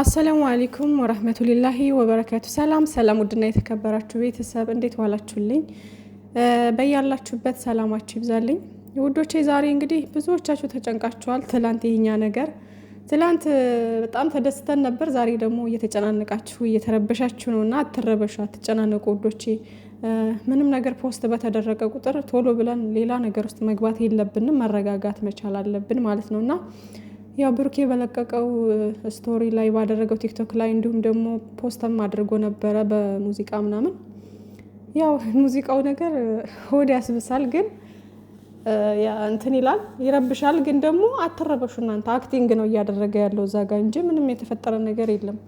አሰላሙ አሌይኩም ወረህመቱሊላሂ ወበረካቱ። ሰላም ሰላም፣ ውድና የተከበራችሁ ቤተሰብ እንዴት ዋላችሁልኝ? በያላችሁበት ሰላማችሁ ይብዛልኝ ውዶቼ። ዛሬ እንግዲህ ብዙዎቻችሁ ተጨንቃችኋል። ትላንት ይህኛ ነገር ትላንት በጣም ተደስተን ነበር። ዛሬ ደግሞ እየተጨናነቃችሁ እየተረበሻችሁ ነው እና አትረበሹ፣ አትጨናነቁ ውዶቼ። ምንም ነገር ፖስት በተደረገ ቁጥር ቶሎ ብለን ሌላ ነገር ውስጥ መግባት የለብንም መረጋጋት መቻል አለብን ማለት ነው እና ያው ብሩኬ በለቀቀው ስቶሪ ላይ ባደረገው ቲክቶክ ላይ እንዲሁም ደግሞ ፖስተም አድርጎ ነበረ በሙዚቃ ምናምን። ያው ሙዚቃው ነገር ሆድ ያስብሳል፣ ግን እንትን ይላል ይረብሻል። ግን ደግሞ አትረበሹ እናንተ። አክቲንግ ነው እያደረገ ያለው እዛ እንጂ ምንም የተፈጠረ ነገር የለም።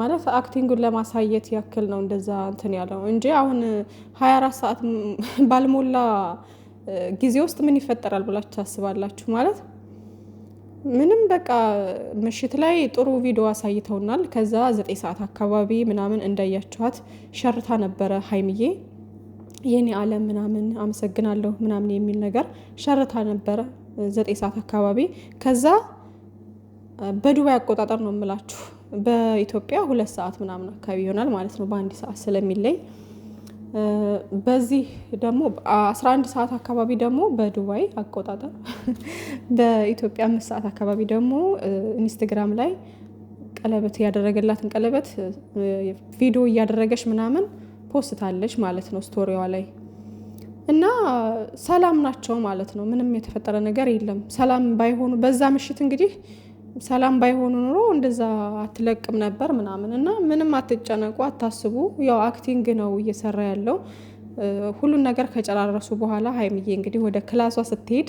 ማለት አክቲንጉን ለማሳየት ያክል ነው እንደዛ እንትን ያለው እንጂ አሁን ሀያ አራት ሰዓት ባልሞላ ጊዜ ውስጥ ምን ይፈጠራል ብላችሁ ታስባላችሁ ማለት ምንም በቃ ምሽት ላይ ጥሩ ቪዲዮ አሳይተውናል። ከዛ ዘጠኝ ሰዓት አካባቢ ምናምን እንዳያችኋት ሸርታ ነበረ ሀይምዬ የኔ አለም ምናምን አመሰግናለሁ ምናምን የሚል ነገር ሸርታ ነበረ ዘጠኝ ሰዓት አካባቢ። ከዛ በዱባይ አቆጣጠር ነው የምላችሁ በኢትዮጵያ ሁለት ሰዓት ምናምን አካባቢ ይሆናል ማለት ነው በአንድ ሰዓት ስለሚለይ በዚህ ደግሞ 11 ሰዓት አካባቢ ደግሞ በዱባይ አቆጣጠር በኢትዮጵያ አምስት ሰዓት አካባቢ ደግሞ ኢንስትግራም ላይ ቀለበት ያደረገላትን ቀለበት ቪዲዮ እያደረገች ምናምን ፖስታለች ማለት ነው ስቶሪዋ ላይ እና ሰላም ናቸው ማለት ነው። ምንም የተፈጠረ ነገር የለም። ሰላም ባይሆኑ በዛ ምሽት እንግዲህ ሰላም ባይሆኑ ኑሮ እንደዛ አትለቅም ነበር ምናምን እና ምንም አትጨነቁ፣ አታስቡ። ያው አክቲንግ ነው እየሰራ ያለው። ሁሉን ነገር ከጨራረሱ በኋላ ሀይምዬ እንግዲህ ወደ ክላሷ ስትሄድ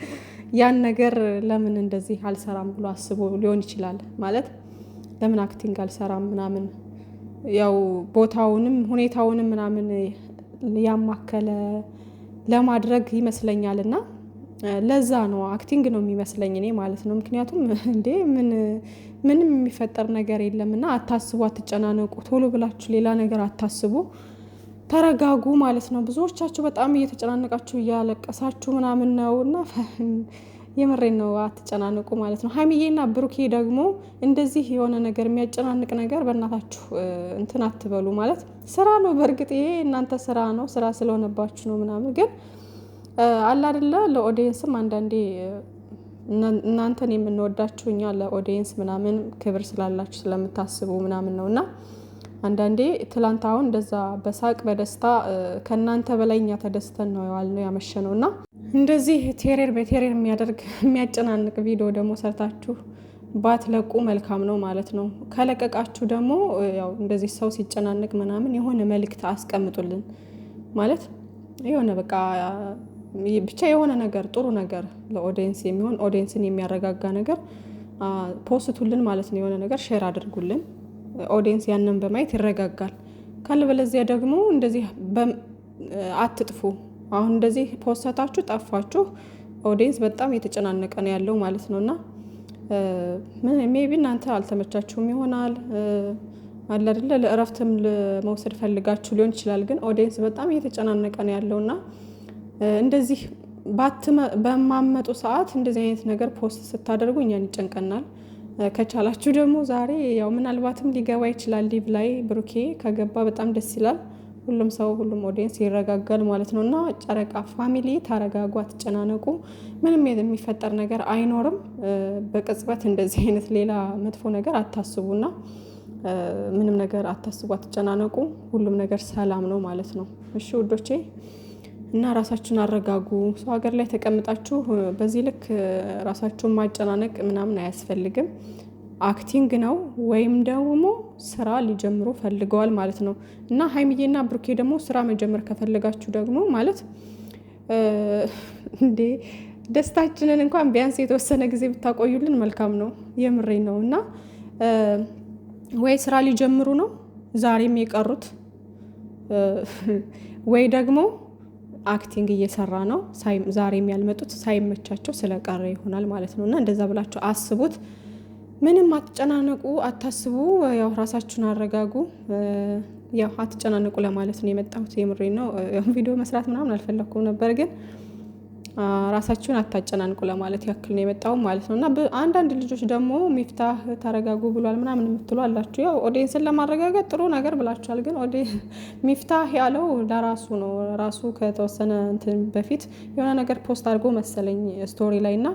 ያን ነገር ለምን እንደዚህ አልሰራም ብሎ አስቦ ሊሆን ይችላል። ማለት ለምን አክቲንግ አልሰራም ምናምን ያው ቦታውንም ሁኔታውንም ምናምን ያማከለ ለማድረግ ይመስለኛል እና ለዛ ነው አክቲንግ ነው የሚመስለኝ እኔ ማለት ነው። ምክንያቱም እንዴ ምን ምንም የሚፈጠር ነገር የለም እና አታስቡ፣ አትጨናነቁ፣ ቶሎ ብላችሁ ሌላ ነገር አታስቡ፣ ተረጋጉ ማለት ነው። ብዙዎቻችሁ በጣም እየተጨናነቃችሁ እያለቀሳችሁ ምናምን ነው እና የምሬን ነው አትጨናነቁ ማለት ነው። ሀይሚዬና ብሩኬ ደግሞ እንደዚህ የሆነ ነገር የሚያጨናንቅ ነገር በእናታችሁ እንትን አትበሉ ማለት ስራ ነው። በእርግጥ ይሄ እናንተ ስራ ነው፣ ስራ ስለሆነባችሁ ነው ምናምን ግን አላ አይደለ ለኦዲየንስም አንዳንዴ እናንተን የምንወዳችሁ እኛ ለኦዲየንስ ምናምን ክብር ስላላችሁ ስለምታስቡ ምናምን ነው እና አንዳንዴ ትላንት አሁን እንደዛ በሳቅ በደስታ ከእናንተ በላይ እኛ ተደስተን ነው የዋልነው ያመሸነው እና እንደዚህ ቴሬር በቴሬር የሚያደርግ የሚያጨናንቅ ቪዲዮ ደግሞ ሰርታችሁ ባትለቁ መልካም ነው ማለት ነው። ከለቀቃችሁ ደግሞ ያው እንደዚህ ሰው ሲጨናንቅ ምናምን የሆነ መልእክት አስቀምጡልን ማለት የሆነ በቃ ብቻ የሆነ ነገር ጥሩ ነገር ለኦዲየንስ የሚሆን ኦዲየንስን የሚያረጋጋ ነገር ፖስቱልን ማለት ነው። የሆነ ነገር ሼር አድርጉልን። ኦዲየንስ ያንን በማየት ይረጋጋል። ካለበለዚያ ደግሞ እንደዚህ አትጥፉ። አሁን እንደዚህ ፖስተታችሁ ጠፋችሁ፣ ኦዲየንስ በጣም እየተጨናነቀ ነው ያለው ማለት ነው እና ሜቢ እናንተ አልተመቻችሁም ይሆናል አለ አይደለ ለእረፍትም ለመውሰድ ፈልጋችሁ ሊሆን ይችላል። ግን ኦዲየንስ በጣም እየተጨናነቀ ነው ያለውና እንደዚህ በማመጡ ሰዓት እንደዚህ አይነት ነገር ፖስት ስታደርጉ እኛን ይጨንቀናል። ከቻላችሁ ደግሞ ዛሬ ያው ምናልባትም ሊገባ ይችላል። ሊቭ ላይ ብሩኬ ከገባ በጣም ደስ ይላል። ሁሉም ሰው ሁሉም ኦዲየንስ ይረጋጋል ማለት ነው። እና ጨረቃ ፋሚሊ ተረጋጉ አትጨናነቁ። ምንም የሚፈጠር ነገር አይኖርም። በቅጽበት እንደዚህ አይነት ሌላ መጥፎ ነገር አታስቡና ምንም ነገር አታስቡ፣ አትጨናነቁ። ሁሉም ነገር ሰላም ነው ማለት ነው። እሺ ውዶቼ እና ራሳችን አረጋጉ። ሰው ሀገር ላይ ተቀምጣችሁ በዚህ ልክ ራሳችሁን ማጨናነቅ ምናምን አያስፈልግም። አክቲንግ ነው ወይም ደግሞ ስራ ሊጀምሩ ፈልገዋል ማለት ነው። እና ሀይሚዬና ብሩኬ ደግሞ ስራ መጀመር ከፈለጋችሁ ደግሞ ማለት እንዴ ደስታችንን እንኳን ቢያንስ የተወሰነ ጊዜ ብታቆዩልን መልካም ነው። የምሬ ነው። እና ወይ ስራ ሊጀምሩ ነው ዛሬም የቀሩት ወይ ደግሞ አክቲንግ እየሰራ ነው። ዛሬም ያልመጡት ሳይመቻቸው ስለቀረ ይሆናል ማለት ነው። እና እንደዛ ብላችሁ አስቡት። ምንም አትጨናነቁ፣ አታስቡ። ያው ራሳችሁን አረጋጉ። ያው አትጨናነቁ ለማለት ነው የመጣሁት። የምሬ ነው። ቪዲዮ መስራት ምናምን አልፈለግኩም ነበር ግን ራሳችሁን አታጨናንቁ ለማለት ያክል ነው የመጣው ማለት ነው። እና አንዳንድ ልጆች ደግሞ ሚፍታህ ተረጋጉ ብሏል ምናምን የምትሉ አላችሁ። ያው ኦዲንስን ለማረጋገጥ ጥሩ ነገር ብላችኋል። ግን ሚፍታህ ያለው ለራሱ ነው። ራሱ ከተወሰነ እንትን በፊት የሆነ ነገር ፖስት አድርጎ መሰለኝ ስቶሪ ላይ እና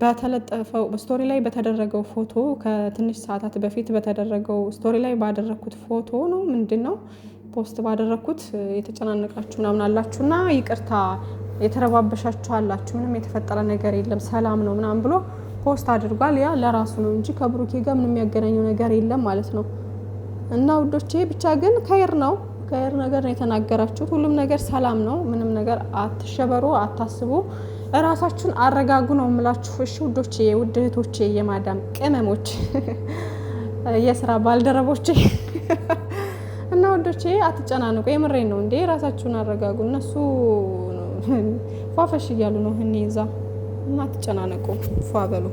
በተለጠፈው ስቶሪ ላይ በተደረገው ፎቶ ከትንሽ ሰዓታት በፊት በተደረገው ስቶሪ ላይ ባደረግኩት ፎቶ ነው ምንድን ነው ፖስት ባደረግኩት የተጨናነቃችሁ ምናምን አላችሁና ይቅርታ የተረባበሻችሁ አላችሁ፣ ምንም የተፈጠረ ነገር የለም ሰላም ነው ምናምን ብሎ ፖስት አድርጓል። ያ ለራሱ ነው እንጂ ከብሩኬ ጋር ምንም የሚያገናኘው ነገር የለም ማለት ነው። እና ውዶቼ ብቻ ግን ከይር ነው ከይር ነገር ነው የተናገራችሁት። ሁሉም ነገር ሰላም ነው። ምንም ነገር አትሸበሩ፣ አታስቡ፣ እራሳችሁን አረጋጉ ነው የምላችሁ። እሺ ውዶቼ፣ ውድ እህቶቼ፣ የማዳም ቅመሞች፣ የስራ ባልደረቦቼ ውዶቼ አትጨናንቁ። የምሬን ነው እንዴ! ራሳችሁን አረጋጉ። እነሱ ፏፈሽ እያሉ ነው እኔ እዛ ፏ በሉ።